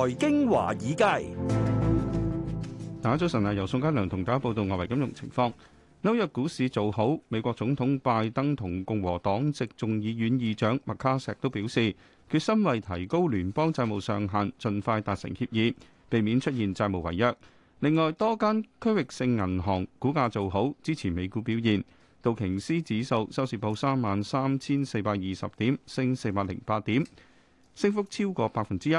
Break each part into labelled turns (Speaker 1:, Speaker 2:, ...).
Speaker 1: 財經華爾街，大家早晨啊！由宋嘉良同大家報道外圍金融情況。紐約股市做好，美國總統拜登同共和黨籍眾議院議長麥卡錫都表示決心為提高聯邦債務上限，盡快達成協議，避免出現債務違約。另外，多間區域性銀行股價做好，支持美股表現。道瓊斯指數收市報三萬三千四百二十點，升四百零八點，升幅超過百分之一。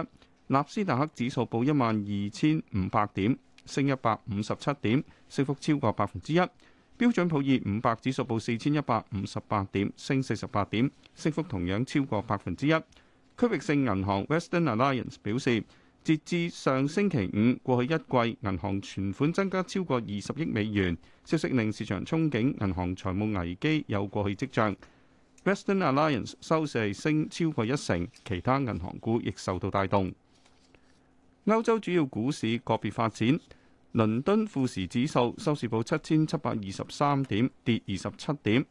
Speaker 1: 納斯達克指數報一萬二千五百點，升一百五十七點，升幅超過百分之一。標準普爾五百指數報四千一百五十八點，升四十八點，升幅同樣超過百分之一。區域性銀行 Western Alliance 表示，截至上星期五過去一季銀行存款增加超過二十億美元。消息令市場憧憬銀行財務危機有過去跡象。Western Alliance 收市升超過一成，其他銀行股亦受到帶動。歐洲主要股市個別發展，倫敦富時指數收市報七千七百二十三點，跌二十七點；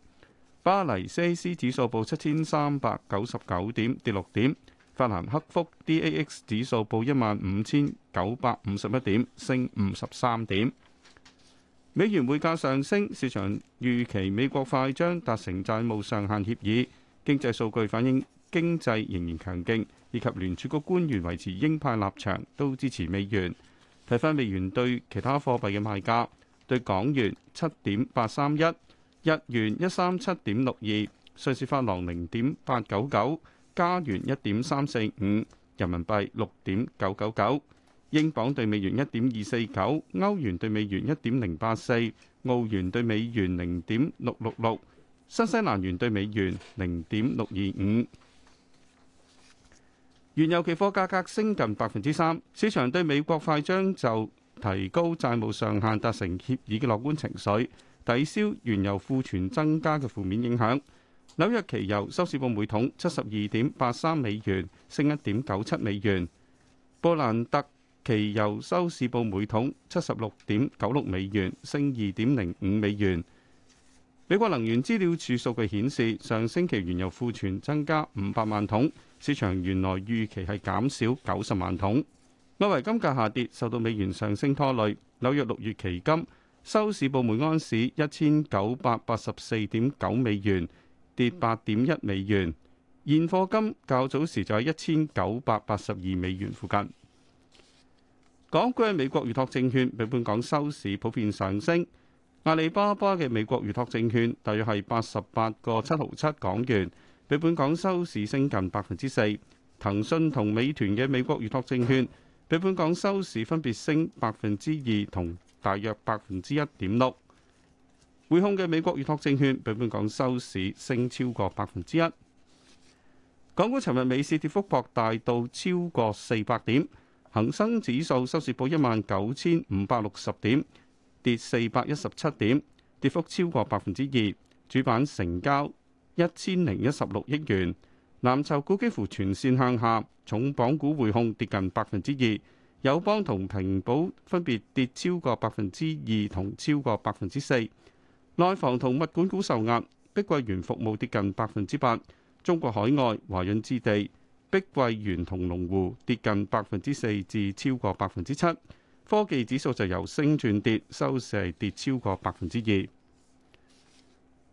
Speaker 1: 巴黎 CAC 指數報七千三百九十九點，跌六點；法蘭克福 DAX 指數報一萬五千九百五十一點，升五十三點。美元匯價上升，市場預期美國快將達成債務上限協議，經濟數據反映。經濟仍然強勁，以及聯儲局官員維持鷹派立場，都支持美元。睇翻美元對其他貨幣嘅賣價，對港元七點八三一，日元一三七點六二，瑞士法郎零點八九九，加元一點三四五，人民幣六點九九九，英鎊對美元一點二四九，歐元對美元一點零八四，澳元對美元零點六六六，新西蘭元對美元零點六二五。原油期貨價格升近百分之三，市場對美國快將就提高債務上限達成協議嘅樂觀情緒，抵消原油庫存增加嘅負面影響。紐約期油收市報每桶七十二點八三美元，升一點九七美元。布蘭特期油收市報每桶七十六點九六美元，升二點零五美元。美國能源資料處數據顯示，上星期原油庫存增加五百萬桶。市場原來預期係減少九十萬桶。外圍金價下跌，受到美元上升拖累。紐約六月期金收市報每安士一千九百八十四點九美元，跌八點一美元。現貨金較早時就喺一千九百八十二美元附近。港股嘅美國預託證券比本港收市普遍上升。阿里巴巴嘅美國預託證券大約係八十八個七毫七港元。比本港收市升近百分之四，騰訊同美團嘅美國預託證券比本港收市分別升百分之二同大約百分之一點六。匯控嘅美國預託證券比本港收市升超過百分之一。港股尋日尾市跌幅擴大到超過四百點，恒生指數收市報一萬九千五百六十點，跌四百一十七點，跌幅超過百分之二。主板成交一千零一十六億元，藍籌股幾乎全線向下，重磅股匯控，跌近百分之二。友邦同平保分別跌超過百分之二同超過百分之四。內房同物管股受壓，碧桂園服務跌近百分之八，中國海外、華潤置地、碧桂園同龍湖跌近百分之四至超過百分之七。科技指數就由升轉跌，收市跌超過百分之二。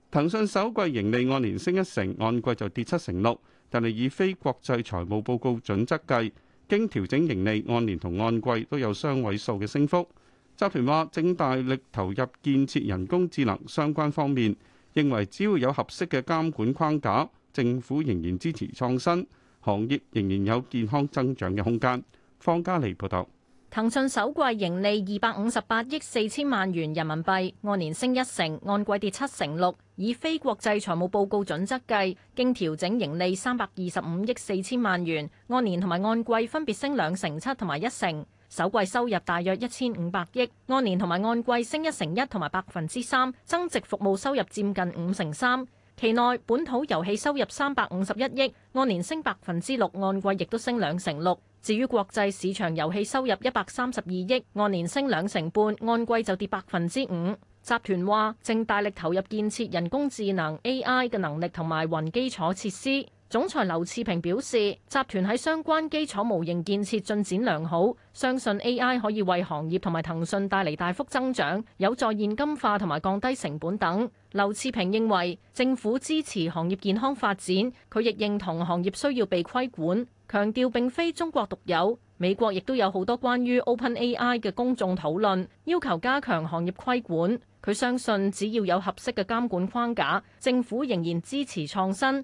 Speaker 1: 騰訊首季盈利按年升一成，按季就跌七成六。但係以非國際財務報告準則計，經調整盈利按年同按季都有雙位數嘅升幅。集團話正大力投入建設人工智能相關方面，認為只要有合適嘅監管框架，政府仍然支持創新，行業仍然有健康增長嘅空間。方嘉莉報道。
Speaker 2: 騰訊首季盈利二百五十八億四千萬元人民幣，按年升一成，按季跌七成六。以非國際財務報告準則計，經調整盈利三百二十五億四千萬元，按年同埋按季分別升兩成七同埋一成。首季收入大約一千五百億，按年同埋按季升一成一同埋百分之三，增值服務收入佔近五成三。期內本土遊戲收入三百五十一億，按年升百分之六，按季亦都升兩成六。至於國際市場遊戲收入一百三十二億，按年升兩成半，按季就跌百分之五。集團話正大力投入建設人工智能 AI 嘅能力同埋雲基礎設施。總裁劉熾平表示，集團喺相關基礎模型建設進展良好，相信 AI 可以為行業同埋騰訊帶嚟大幅增長，有助現金化同埋降低成本等。劉熾平認為政府支持行業健康發展，佢亦認同行業需要被規管，強調並非中國獨有，美國亦都有好多關於 OpenAI 嘅公眾討論，要求加強行業規管。佢相信，只要有合適嘅監管框架，政府仍然支持創新。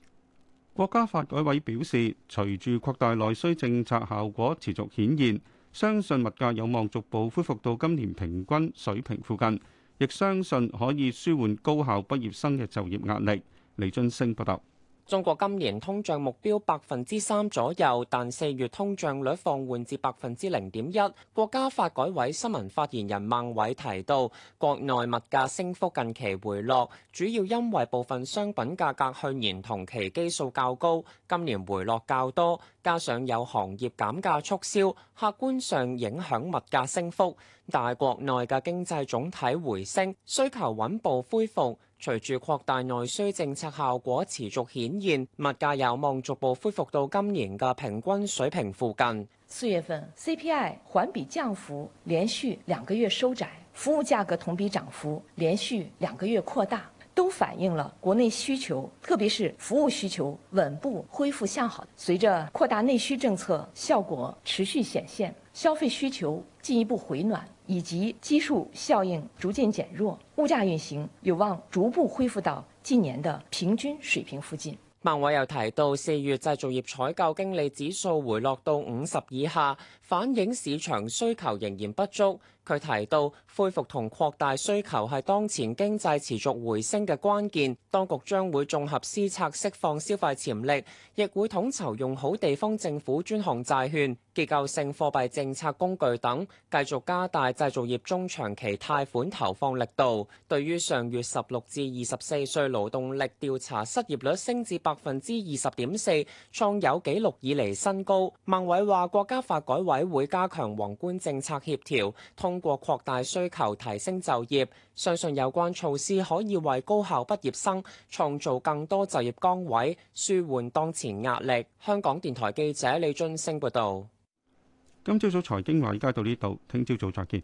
Speaker 1: 國家發改委表示，隨住擴大內需政策效果持續顯現，相信物價有望逐步恢復到今年平均水平附近，亦相信可以舒緩高校畢業生嘅就業壓力。李俊升報道。
Speaker 3: 中國今年通脹目標百分之三左右，但四月通脹率放緩至百分之零點一。國家發改委新聞發言人孟偉提到，國內物價升幅近期回落，主要因為部分商品價格去年同期基數較高，今年回落較多，加上有行業減價促銷，客觀上影響物價升幅。但係國內嘅經濟總體回升，需求穩步恢復。隨住擴大內需政策效果持續顯現，物價有望逐步恢復到今年嘅平均水平附近。
Speaker 2: 四月份 CPI 環比降幅連續兩個月收窄，服務價格同比漲幅連續兩個月擴大，都反映了國內需求，特別是服務需求穩步恢復向好。隨着擴大內需政策效果持續顯現，消費需求進一步回暖，以及基數效應逐漸減弱，物價運行有望逐步恢復到近年的平均水平附近。
Speaker 3: 孟偉又提到，四月製造業採購經理指數回落到五十以下，反映市場需求仍然不足。佢提到，恢復同擴大需求係當前經濟持續回升嘅關鍵，當局將會綜合施策釋放消費潛力，亦會統籌用好地方政府專項債券。結構性貨幣政策工具等，繼續加大製造業中長期貸款投放力度。對於上月十六至二十四歲勞動力調查失業率升至百分之二十點四，創有紀錄以嚟新高。孟偉話，國家發改委會加強宏觀政策協調，通過擴大需求提升就業，相信有關措施可以為高校畢業生創造更多就業崗位，舒緩當前壓力。香港電台記者李俊升報道。
Speaker 1: 今朝早財經話而家到呢度，聽朝早再見。